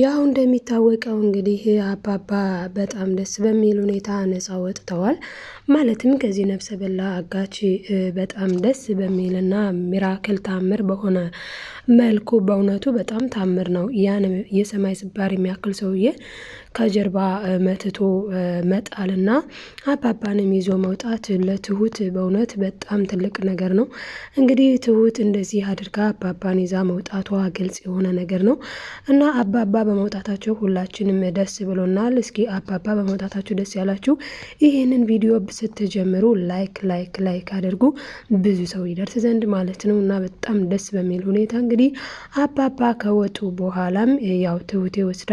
ያው እንደሚታወቀው እንግዲህ አባባ በጣም ደስ በሚል ሁኔታ ነፃ ወጥተዋል። ማለትም ከዚህ ነፍሰ በላ አጋች በጣም ደስ በሚልና ሚራክል ታምር በሆነ መልኩ በእውነቱ በጣም ታምር ነው። ያን የሰማይ ስባር የሚያክል ሰውዬ ከጀርባ መትቶ መጣልና አባባንም ይዞ መውጣት ለትሁት በእውነት በጣም ትልቅ ነገር ነው። እንግዲህ ትሁት እንደዚህ አድርጋ አባባን ይዛ መውጣቷ ግልጽ የሆነ ነገር ነው እና አባባ በመውጣታቸው ሁላችንም ደስ ብሎናል። እስኪ አባባ በመውጣታችሁ ደስ ያላችሁ ይህንን ቪዲዮ ስትጀምሩ ላይክ ላይክ ላይክ አድርጉ ብዙ ሰው ይደርስ ዘንድ ማለት ነው እና በጣም ደስ በሚል ሁኔታ እንግዲህ አባባ ከወጡ በኋላም ያው ትሁቴ ወስዳ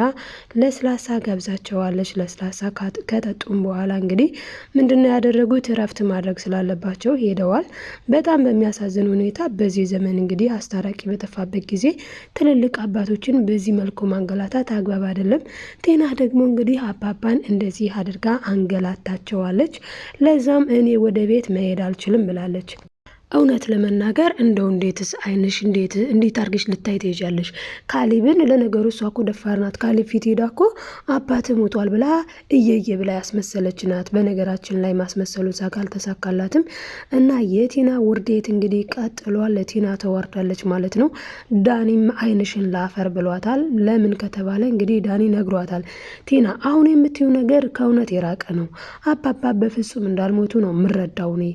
ለስላሳ ገብዛቸዋለች። ለስላሳ ከጠጡም በኋላ እንግዲህ ምንድነው ያደረጉት? እረፍት ማድረግ ስላለባቸው ሄደዋል። በጣም በሚያሳዝን ሁኔታ በዚህ ዘመን እንግዲህ አስታራቂ በጠፋበት ጊዜ ትልልቅ አባቶችን በዚህ መልኩ ማንገላታት አግባብ አይደለም። ጤና ደግሞ እንግዲህ አባባን እንደዚህ አድርጋ አንገላታቸዋለች። ለዛም እኔ ወደ ቤት መሄድ አልችልም ብላለች። እውነት ለመናገር እንደው እንዴትስ አይንሽ እንዴት እንዴት አድርገሽ ልታይ ትሄጃለሽ? ካሊብን ለነገሩ እሷ እኮ ደፋር ናት። ፊት ሄዳ እኮ አባት ሞቷል ብላ እየየ ብላ ያስመሰለች ናት። በነገራችን ላይ ማስመሰሉ ካልተሳካላትም እና የቲና ውርዴት እንግዲህ ቀጥሏል። ቲና ተዋርዳለች ማለት ነው። ዳኒም አይንሽን ላፈር ብሏታል። ለምን ከተባለ እንግዲህ ዳኒ ነግሯታል። ቲና አሁን የምትይው ነገር ከእውነት የራቀ ነው። አባባ በፍጹም እንዳልሞቱ ነው የምረዳው እኔ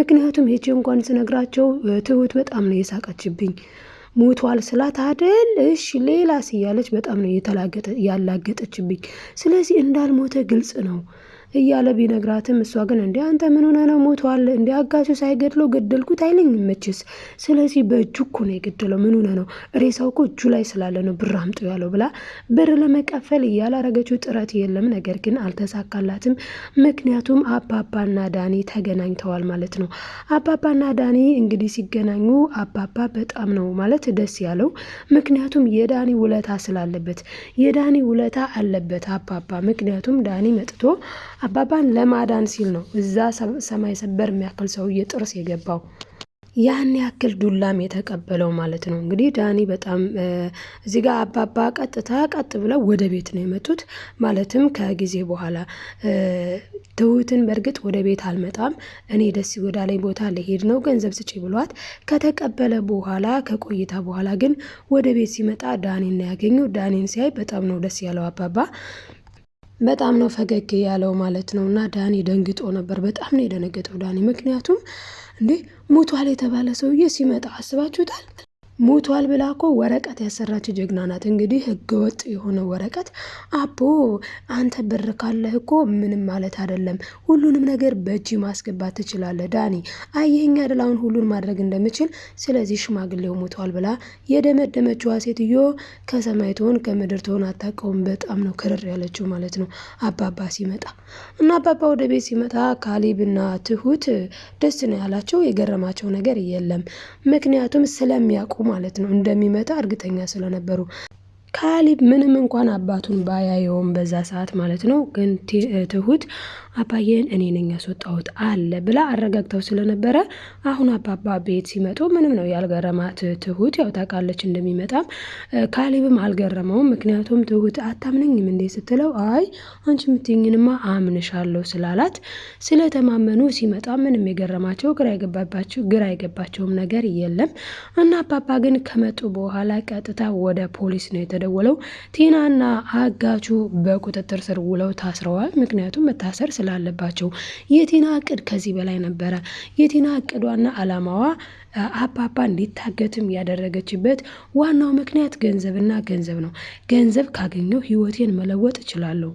ምክንያቱም ሄቼ እንኳን ስነግራቸው ትሁት በጣም ነው የሳቀችብኝ። ሞቷል ስላት አደል እሺ ሌላስ በጣም ነው ያላገጠችብኝ። ስለዚህ እንዳልሞተ ግልጽ ነው። እያለ ቢነግራትም እሷ ግን እንዲ አንተ ምን ሆነ ነው ሞቷል እንዲ አጋቹ ሳይገድለው ገደልኩት አይለኝ መችስ። ስለዚህ በእጁ እኮ ነው የገደለው ምን ሆነ ነው ሬሳው እኮ እጁ ላይ ስላለ ነው ብር አምጡ ያለው ብላ ብር ለመቀፈል እያላረገችው ጥረት የለም ነገር ግን አልተሳካላትም። ምክንያቱም አባባና ዳኒ ተገናኝተዋል ማለት ነው። አባባና ዳኒ እንግዲህ ሲገናኙ አባባ በጣም ነው ማለት ደስ ያለው ምክንያቱም የዳኒ ውለታ ስላለበት የዳኒ ውለታ አለበት አባባ ምክንያቱም ዳኒ መጥቶ አባባን ለማዳን ሲል ነው እዛ ሰማይ ሰበር የሚያክል ሰውዬ ጥርስ የገባው ያን ያክል ዱላም የተቀበለው ማለት ነው። እንግዲህ ዳኒ በጣም እዚህ ጋር አባባ ቀጥታ ቀጥ ብለው ወደ ቤት ነው የመጡት። ማለትም ከጊዜ በኋላ ትሁትን በእርግጥ ወደ ቤት አልመጣም እኔ ደስ ወዳለኝ ቦታ ልሄድ ነው ገንዘብ ስጪ ብሏት ከተቀበለ በኋላ ከቆይታ በኋላ ግን ወደ ቤት ሲመጣ ዳኒን ያገኘው። ዳኒን ሲያይ በጣም ነው ደስ ያለው አባባ በጣም ነው ፈገግ ያለው ማለት ነው። እና ዳኒ ደንግጦ ነበር። በጣም ነው የደነገጠው ዳኒ። ምክንያቱም እንዴ ሙቷል የተባለ ሰውዬ ሲመጣ አስባችሁታል? ሙቷል ብላ እኮ ወረቀት ያሰራች ጀግና ናት። እንግዲህ ህገወጥ የሆነ ወረቀት አቦ አንተ ብር ካለህ እኮ ምንም ማለት አይደለም፣ ሁሉንም ነገር በእጅ ማስገባት ትችላለህ። ዳኒ አየኸኝ አይደል አሁን ሁሉን ማድረግ እንደምችል። ስለዚህ ሽማግሌው ሙቷል ብላ የደመደመችዋ ሴትዮ ከሰማይ ትሆን ከምድር ትሆን አታውቀውም። በጣም ነው ክርር ያለችው ማለት ነው። አባባ ሲመጣ እና አባባ ወደ ቤት ሲመጣ ካሌብና ትሁት ደስ ነው ያላቸው። የገረማቸው ነገር የለም፣ ምክንያቱም ስለሚያውቁ ማለት ነው እንደሚመጣ እርግጠኛ ስለነበሩ ካሊብ ምንም እንኳን አባቱን ባያየውም በዛ ሰዓት ማለት ነው፣ ግን ትሁት አባዬን እኔ ነኝ ያስወጣሁት አለ ብላ አረጋግተው ስለነበረ አሁን አባባ ቤት ሲመጡ ምንም ነው ያልገረማት ትሁት ያው ታውቃለች እንደሚመጣም። ካሊብም አልገረመውም፣ ምክንያቱም ትሁት አታምነኝም እንዴ ስትለው አይ አንቺ የምትይኝንማ አምንሻለሁ ስላላት ስለተማመኑ ሲመጣ ምንም የገረማቸው ግራ የገባባቸው ግራ የገባቸውም ነገር የለም እና አባባ ግን ከመጡ በኋላ ቀጥታ ወደ ፖሊስ ነው የተደ የደወለው ቲናና አጋቹ በቁጥጥር ስር ውለው ታስረዋል። ምክንያቱም መታሰር ስላለባቸው። የቲና እቅድ ከዚህ በላይ ነበረ። የቲና እቅዷና አላማዋ አባባ እንዲታገትም ያደረገችበት ዋናው ምክንያት ገንዘብና ገንዘብ ነው። ገንዘብ ካገኘው ህይወቴን መለወጥ እችላለሁ።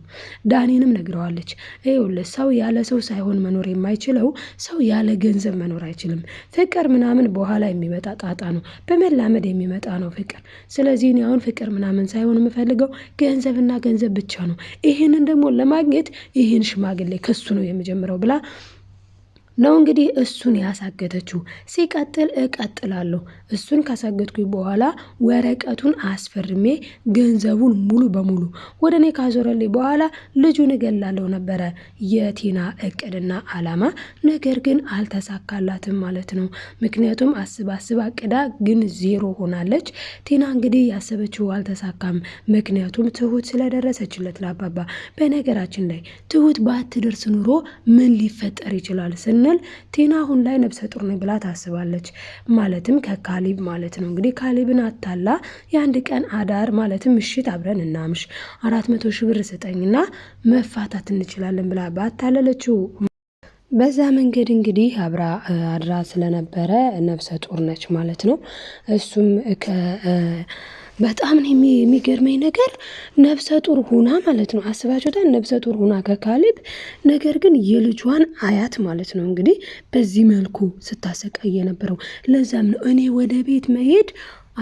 ዳኔንም ነግረዋለች። ይኸውልህ ሰው ያለ ሰው ሳይሆን መኖር የማይችለው ሰው ያለ ገንዘብ መኖር አይችልም። ፍቅር ምናምን በኋላ የሚመጣ ጣጣ ነው፣ በመላመድ የሚመጣ ነው ፍቅር። ስለዚህ እኔ አሁን ፍቅር ምናምን ሳይሆን የምፈልገው ገንዘብና ገንዘብ ብቻ ነው። ይህንን ደግሞ ለማግኘት ይህን ሽማግሌ ከሱ ነው የምጀምረው ብላ ነው እንግዲህ እሱን ያሳገተችው። ሲቀጥል እቀጥላለሁ። እሱን ካሳገትኩኝ በኋላ ወረቀቱን አስፈርሜ ገንዘቡን ሙሉ በሙሉ ወደ እኔ ካዞረልኝ በኋላ ልጁን እገላለሁ ነበረ የቲና እቅድና አላማ። ነገር ግን አልተሳካላትም ማለት ነው። ምክንያቱም አስባ አስባ ቅዳ ግን ዜሮ ሆናለች። ቲና እንግዲህ ያሰበችው አልተሳካም። ምክንያቱም ትሁት ስለደረሰችለት ለአባባ። በነገራችን ላይ ትሁት ባትደርስ ኑሮ ምን ሊፈጠር ይችላል ስንል ቲና አሁን ላይ ነብሰ ጡር ነኝ ብላ ታስባለች። ማለትም ከካሊብ ማለት ነው። እንግዲህ ካሊብን አታላ የአንድ ቀን አዳር ማለትም ምሽት አብረን እናምሽ አራት መቶ ሺህ ብር ስጠኝና መፋታት እንችላለን ብላ ባታለለችው በዛ መንገድ እንግዲህ አብራ አድራ ስለነበረ ነብሰ ጡር ነች ማለት ነው። እሱም በጣም ነው የሚገርመኝ ነገር ነብሰ ጡር ሁና ማለት ነው። አስባችሁታል? ነብሰ ጡር ሁና ከካሌብ ነገር ግን የልጇን አያት ማለት ነው እንግዲህ በዚህ መልኩ ስታሰቃይ የነበረው። ለዛም ነው እኔ ወደ ቤት መሄድ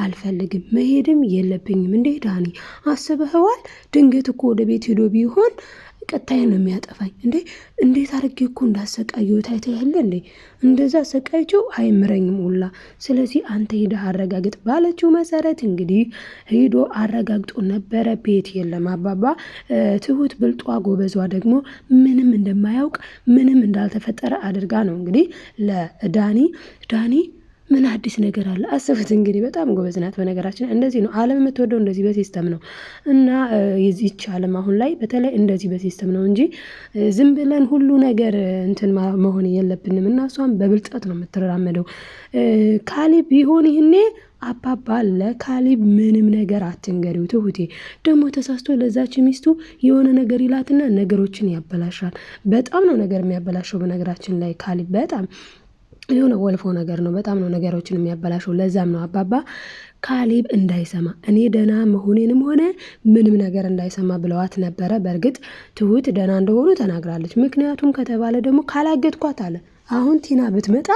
አልፈልግም መሄድም የለብኝም። እንዴ ዳኒ አስበህዋል? ድንገት እኮ ወደ ቤት ሄዶ ቢሆን ቀጣይ ነው የሚያጠፋኝ። እንዴ እንዴት አድርጌ እኮ ታይታ ያለ እንዴ? እንደዛ አሰቃይቸው አይምረኝም ሁላ። ስለዚህ አንተ ሄደህ አረጋግጥ ባለችው መሰረት እንግዲህ ሄዶ አረጋግጦ ነበረ። ቤት የለም አባባ። ትሁት ብልጧ ጎበዟ ደግሞ ምንም እንደማያውቅ ምንም እንዳልተፈጠረ አድርጋ ነው እንግዲህ ለዳኒ ዳኒ ምን አዲስ ነገር አለ? አስቡት እንግዲህ በጣም ጎበዝ ናት። በነገራችን እንደዚህ ነው ዓለም የምትወደው እንደዚህ በሲስተም ነው እና ይች ዓለም አሁን ላይ በተለይ እንደዚህ በሲስተም ነው እንጂ ዝም ብለን ሁሉ ነገር እንትን መሆን የለብንም። እና እሷም በብልጠት ነው የምትራመደው። ካሌብ ቢሆን ይህኔ አባባ ለካሌብ ምንም ነገር አትንገሪው። ትሁቴ ደግሞ ተሳስቶ ለዛች ሚስቱ የሆነ ነገር ይላትና ነገሮችን ያበላሻል። በጣም ነው ነገር የሚያበላሸው። በነገራችን ላይ ካሌብ በጣም የሆነ ወልፎ ነገር ነው። በጣም ነው ነገሮችን የሚያበላሸው። ለዛም ነው አባባ ካሌብ እንዳይሰማ እኔ ደህና መሆኔንም ሆነ ምንም ነገር እንዳይሰማ ብለዋት ነበረ። በእርግጥ ትሁት ደህና እንደሆኑ ተናግራለች። ምክንያቱም ከተባለ ደግሞ ካላገድኳት አለ አሁን ቲና ብትመጣ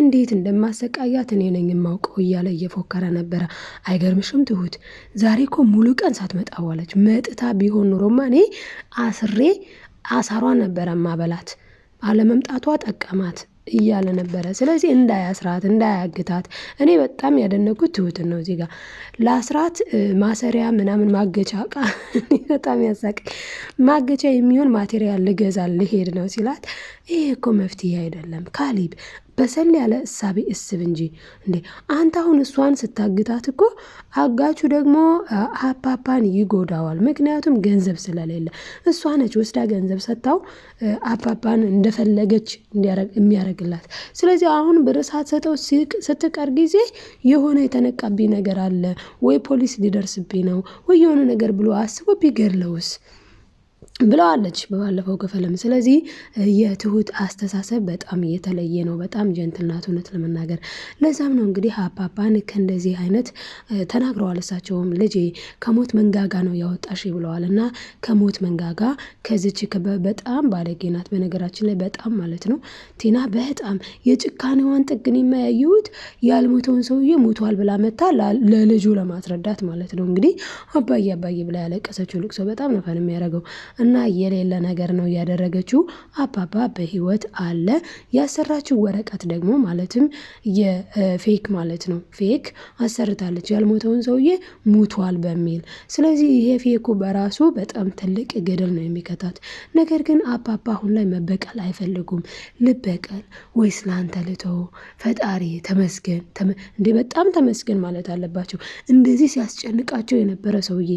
እንዴት እንደማሰቃያት እኔ ነኝ የማውቀው እያለ እየፎከረ ነበረ። አይገርምሽም ትሁት ዛሬ እኮ ሙሉ ቀን ሳትመጣ ዋለች። መጥታ ቢሆን ኑሮማ እኔ አስሬ አሳሯ ነበረ ማበላት። አለመምጣቷ ጠቀማት። እያለ ነበረ። ስለዚህ እንዳያስራት እንዳያግታት እኔ በጣም ያደነኩት ትሁትን ነው። እዚህ ጋር ለአስራት ማሰሪያ ምናምን ማገቻ እቃ በጣም ያሳቅ ማገቻ የሚሆን ማቴሪያል ልገዛ ልሄድ ነው ሲላት፣ ይሄ እኮ መፍትሄ አይደለም ካሊብ በሰል ያለ እሳቤ እስብ እንጂ እንዴ አንተ አሁን እሷን ስታግታት እኮ አጋቹ ደግሞ አፓፓን ይጎዳዋል። ምክንያቱም ገንዘብ ስለሌለ እሷ ነች ወስዳ ገንዘብ ሰጥታው አፓፓን እንደፈለገች የሚያረ እንድታደርግላት። ስለዚህ አሁን ብር ሳትሰጠው ስትቀር ጊዜ የሆነ የተነቃብኝ ነገር አለ ወይ ፖሊስ ሊደርስብኝ ነው ወይ የሆነ ነገር ብሎ አስቦ ቢገድለውስ ብለዋለች በባለፈው ክፍልም። ስለዚህ የትሁት አስተሳሰብ በጣም የተለየ ነው፣ በጣም ጀንትል እውነት ለመናገር ለዛም ነው እንግዲህ አፓፓን ከእንደዚህ አይነት ተናግረዋል። እሳቸውም ልጄ ከሞት መንጋጋ ነው ያወጣሽ ብለዋል እና ከሞት መንጋጋ ከዚች በጣም ባለጌ ናት፣ በነገራችን ላይ በጣም ማለት ነው ቲና በጣም የጭካኔዋን ጥግን የማያዩት ያልሞተውን ሰውዬ ሞቷል ብላ መታ ለልጁ ለማስረዳት ማለት ነው እንግዲህ አባዬ አባዬ ብላ ያለቀሰችው ልቅሶ በጣም ነፋን የሚያደርገው እና የሌለ ነገር ነው ያደረገችው። አባባ በህይወት አለ። ያሰራችው ወረቀት ደግሞ ማለትም የፌክ ማለት ነው። ፌክ አሰርታለች ያልሞተውን ሰውዬ ሙቷል በሚል ስለዚህ ይሄ ፌኩ በራሱ በጣም ትልቅ ገደል ነው የሚከታት። ነገር ግን አባባ አሁን ላይ መበቀል አይፈልጉም። ልበቀል ወይስ ለአንተ ልተው? ፈጣሪ ተመስገን እንዴ! በጣም ተመስገን ማለት አለባቸው። እንደዚህ ሲያስጨንቃቸው የነበረ ሰውዬ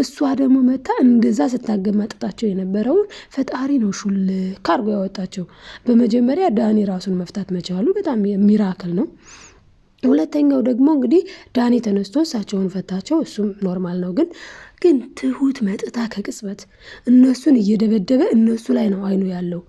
እሷ ደግሞ መታ እንደዛ ስታገማ ሲያፋጥጣቸው የነበረውን ፈጣሪ ነው ሹል ካርጎ ያወጣቸው። በመጀመሪያ ዳኒ ራሱን መፍታት መቻሉ በጣም ሚራክል ነው። ሁለተኛው ደግሞ እንግዲህ ዳኒ ተነስቶ እሳቸውን ፈታቸው። እሱም ኖርማል ነው። ግን ግን ትሁት መጥታ ከቅጽበት እነሱን እየደበደበ እነሱ ላይ ነው አይኑ ያለው።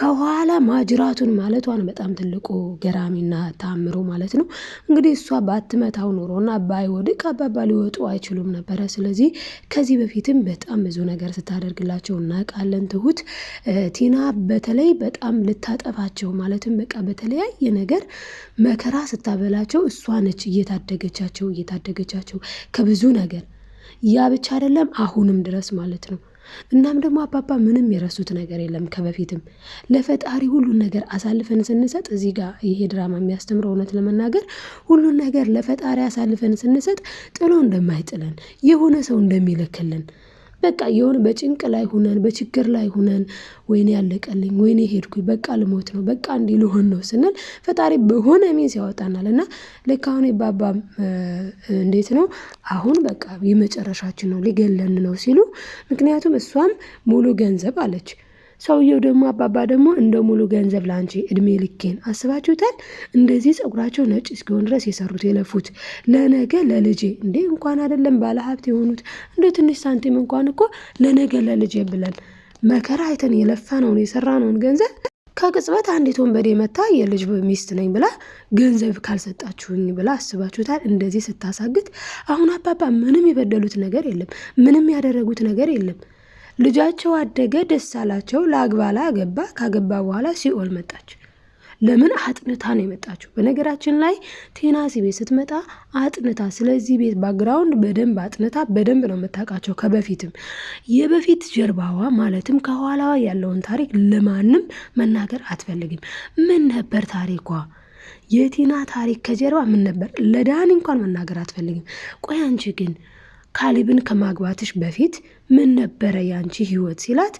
ከኋላ ማጅራቱን ማለቷን በጣም ትልቁ ገራሚና ታምሮ ማለት ነው። እንግዲህ እሷ ባትመታው እና ባይወድቅ አባባ ሊወጡ አይችሉም ነበረ። ስለዚህ ከዚህ በፊትም በጣም ብዙ ነገር ስታደርግላቸው እናውቃለን። ትሁት ቲና በተለይ በጣም ልታጠፋቸው ማለትም በቃ በተለያየ ነገር መከራ ስታበላቸው እሷ ነች እየታደገቻቸው እየታደገቻቸው ከብዙ ነገር ያ ብቻ አይደለም አሁንም ድረስ ማለት ነው። እናም ደግሞ አባባ ምንም የረሱት ነገር የለም ከበፊትም ለፈጣሪ ሁሉን ነገር አሳልፈን ስንሰጥ እዚህ ጋር ይሄ ድራማ የሚያስተምረው እውነት ለመናገር ሁሉን ነገር ለፈጣሪ አሳልፈን ስንሰጥ ጥሎ እንደማይጥለን የሆነ ሰው እንደሚልክልን በቃ የሆነ በጭንቅ ላይ ሆነን በችግር ላይ ሁነን ወይኔ ያለቀልኝ ወይኔ ሄድኩኝ በቃ ልሞት ነው በቃ እንዲህ ልሆን ነው ስንል ፈጣሪ በሆነ ሚንስ ያወጣናል። እና ልክ አሁን የባባ እንዴት ነው አሁን በቃ የመጨረሻችን ነው ሊገለን ነው ሲሉ ምክንያቱም እሷም ሙሉ ገንዘብ አለች ሰውየው ደግሞ አባባ ደግሞ እንደ ሙሉ ገንዘብ ላንቺ እድሜ ልኬን አስባችሁታል። እንደዚህ ጸጉራቸው ነጭ እስኪሆን ድረስ የሰሩት የለፉት ለነገ ለልጄ እንዴ እንኳን አይደለም ባለ ሀብት የሆኑት እንደ ትንሽ ሳንቲም እንኳን እኮ ለነገ ለልጄ ብለን መከራ አይተን የለፋነውን የሰራነውን ገንዘብ ከቅጽበት አንዲት ወንበዴ መታ የልጅ ሚስት ነኝ ብላ ገንዘብ ካልሰጣችሁኝ ብላ አስባችሁታል። እንደዚህ ስታሳግት አሁን አባባ ምንም የበደሉት ነገር የለም፣ ምንም ያደረጉት ነገር የለም። ልጃቸው አደገ፣ ደስ አላቸው። ለአግባላ አገባ። ካገባ በኋላ ሲኦል መጣች። ለምን አጥንታ ነው የመጣችው? በነገራችን ላይ ቴናሲ ቤት ስትመጣ አጥንታ፣ ስለዚህ ቤት ባግራውንድ በደንብ አጥንታ በደንብ ነው የምታውቃቸው። ከበፊትም የበፊት ጀርባዋ ማለትም ከኋላዋ ያለውን ታሪክ ለማንም መናገር አትፈልግም። ምን ነበር ታሪኳ? የቲና ታሪክ ከጀርባ ምን ነበር? ለዳኒ እንኳን መናገር አትፈልግም። ቆይ አንቺ ግን ካሊብን ከማግባትሽ በፊት ምን ነበረ ያንቺ ህይወት ሲላት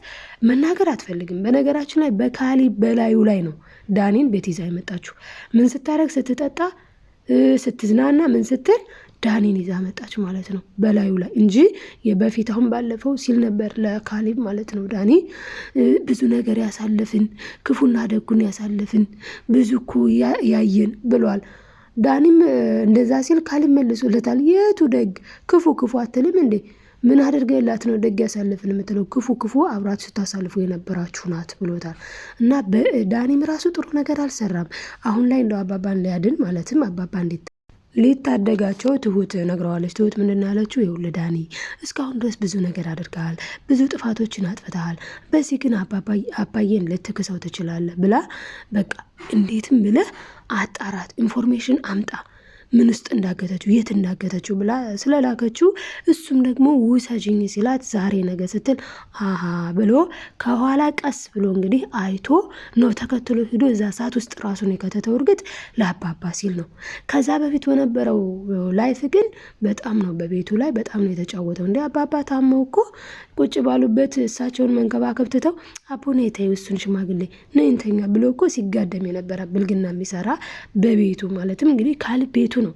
መናገር አትፈልግም። በነገራችን ላይ በካሊብ በላዩ ላይ ነው ዳኒን ቤት ይዛ የመጣችሁ። ምን ስታደርግ፣ ስትጠጣ፣ ስትዝናና፣ ምን ስትል ዳኒን ይዛ መጣች ማለት ነው በላዩ ላይ እንጂ የበፊት አሁን ባለፈው ሲል ነበር ለካሊብ ማለት ነው። ዳኒ ብዙ ነገር ያሳለፍን ክፉና ደጉን ያሳለፍን ብዙ እኮ ያየን ብሏል። ዳኒም እንደዛ ሲል ካሊብ መልሶለታል። የቱ ደግ ክፉ ክፉ አትልም እንዴ? ምን አድርገላት ነው ደግ ያሳልፍን የምትለው? ክፉ ክፉ አብራት ስታሳልፉ የነበራችሁ ናት ብሎታል። እና ዳኒም ራሱ ጥሩ ነገር አልሰራም። አሁን ላይ እንደው አባባን ሊያድን ማለትም አባባ እንዴት ሊታደጋቸው ትሁት ነግረዋለች። ትሁት ምንድን ያለችው? ይኸውልህ ዳኒ እስካሁን ድረስ ብዙ ነገር አድርገሃል፣ ብዙ ጥፋቶችን አጥፍተሃል። በዚህ ግን አባዬን ልትክሰው ትችላለህ ብላ በቃ እንዴትም ብለህ አጣራት፣ ኢንፎርሜሽን አምጣ ምን ውስጥ እንዳገተችው የት እንዳገተችው ብላ ስለላከችው እሱም ደግሞ ውሰጅኝ ሲላት ዛሬ ነገ ስትል አሀ ብሎ ከኋላ ቀስ ብሎ እንግዲህ አይቶ ነው ተከትሎ ሂዶ እዛ ሰዓት ውስጥ ራሱን የከተተው እርግጥ ለአባባ ሲል ነው። ከዛ በፊት በነበረው ላይፍ ግን በጣም ነው በቤቱ ላይ በጣም ነው የተጫወተው። እንደ አባባ ታመው እኮ ቁጭ ባሉበት እሳቸውን መንከባከብ ትተው አቡነ የተይ እሱን ሽማግሌ ነይንተኛ ብሎ እኮ ሲጋደም የነበረ ብልግና የሚሰራ በቤቱ ማለትም እንግዲህ ካል ቤቱ ነው።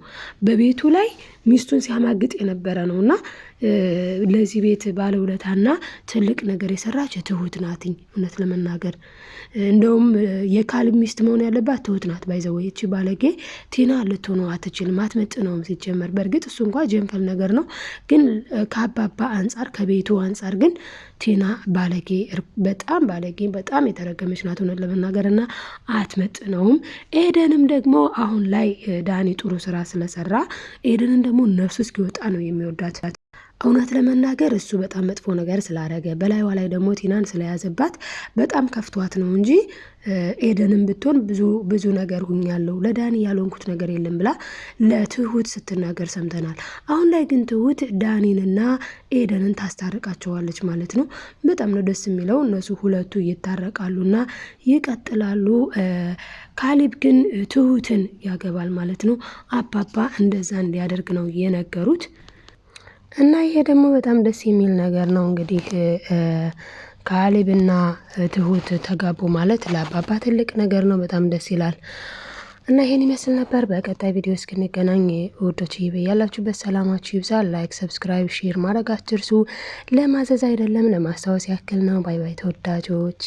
በቤቱ ላይ ሚስቱን ሲያማግጥ የነበረ ነው እና ለዚህ ቤት ባለውለታና ትልቅ ነገር የሰራች ትሁት ናትኝ። እውነት ለመናገር እንደውም የካል ሚስት መሆን ያለባት ትሁት ናት። ባይዘወየች ባለጌ ቲና ልትሆነ አትችልም፣ አትመጥነውም። ሲጀመር በእርግጥ እሱ እንኳ ጀንፈል ነገር ነው፣ ግን ከአባባ አንጻር ከቤቱ አንጻር ግን ቲና ባለጌ፣ በጣም ባለጌ፣ በጣም የተረገመች ናት። እውነት ለመናገር እና አትመጥነውም። ኤደንም ደግሞ አሁን ላይ ዳኒ ጥሩ ስራ ስለሰራ ኤደንን ደግሞ ነፍሱ እስኪወጣ ነው የሚወዳት። እውነት ለመናገር እሱ በጣም መጥፎ ነገር ስላረገ በላይዋ ላይ ደግሞ ቲናን ስለያዘባት በጣም ከፍቷት ነው እንጂ ኤደንም ብትሆን ብዙ ብዙ ነገር ሁኛለሁ ለዳኒ ያልሆንኩት ነገር የለም ብላ ለትሁት ስትናገር ሰምተናል። አሁን ላይ ግን ትሁት ዳኒንና ኤደንን ታስታርቃቸዋለች ማለት ነው። በጣም ነው ደስ የሚለው። እነሱ ሁለቱ ይታረቃሉና ይቀጥላሉ። ካሊብ ግን ትሁትን ያገባል ማለት ነው። አባባ እንደዛ እንዲያደርግ ነው የነገሩት። እና ይሄ ደግሞ በጣም ደስ የሚል ነገር ነው እንግዲህ ከካሌብና ትሁት ተጋቡ ማለት ለአባባ ትልቅ ነገር ነው። በጣም ደስ ይላል። እና ይሄን ይመስል ነበር። በቀጣይ ቪዲዮ እስክንገናኝ ውዶች በያላችሁበት ሰላማችሁ ይብዛ። ላይክ፣ ሰብስክራይብ፣ ሼር ማድረግ አትርሱ። ለማዘዝ አይደለም ለማስታወስ ያክል ነው። ባይ ባይ ተወዳጆች።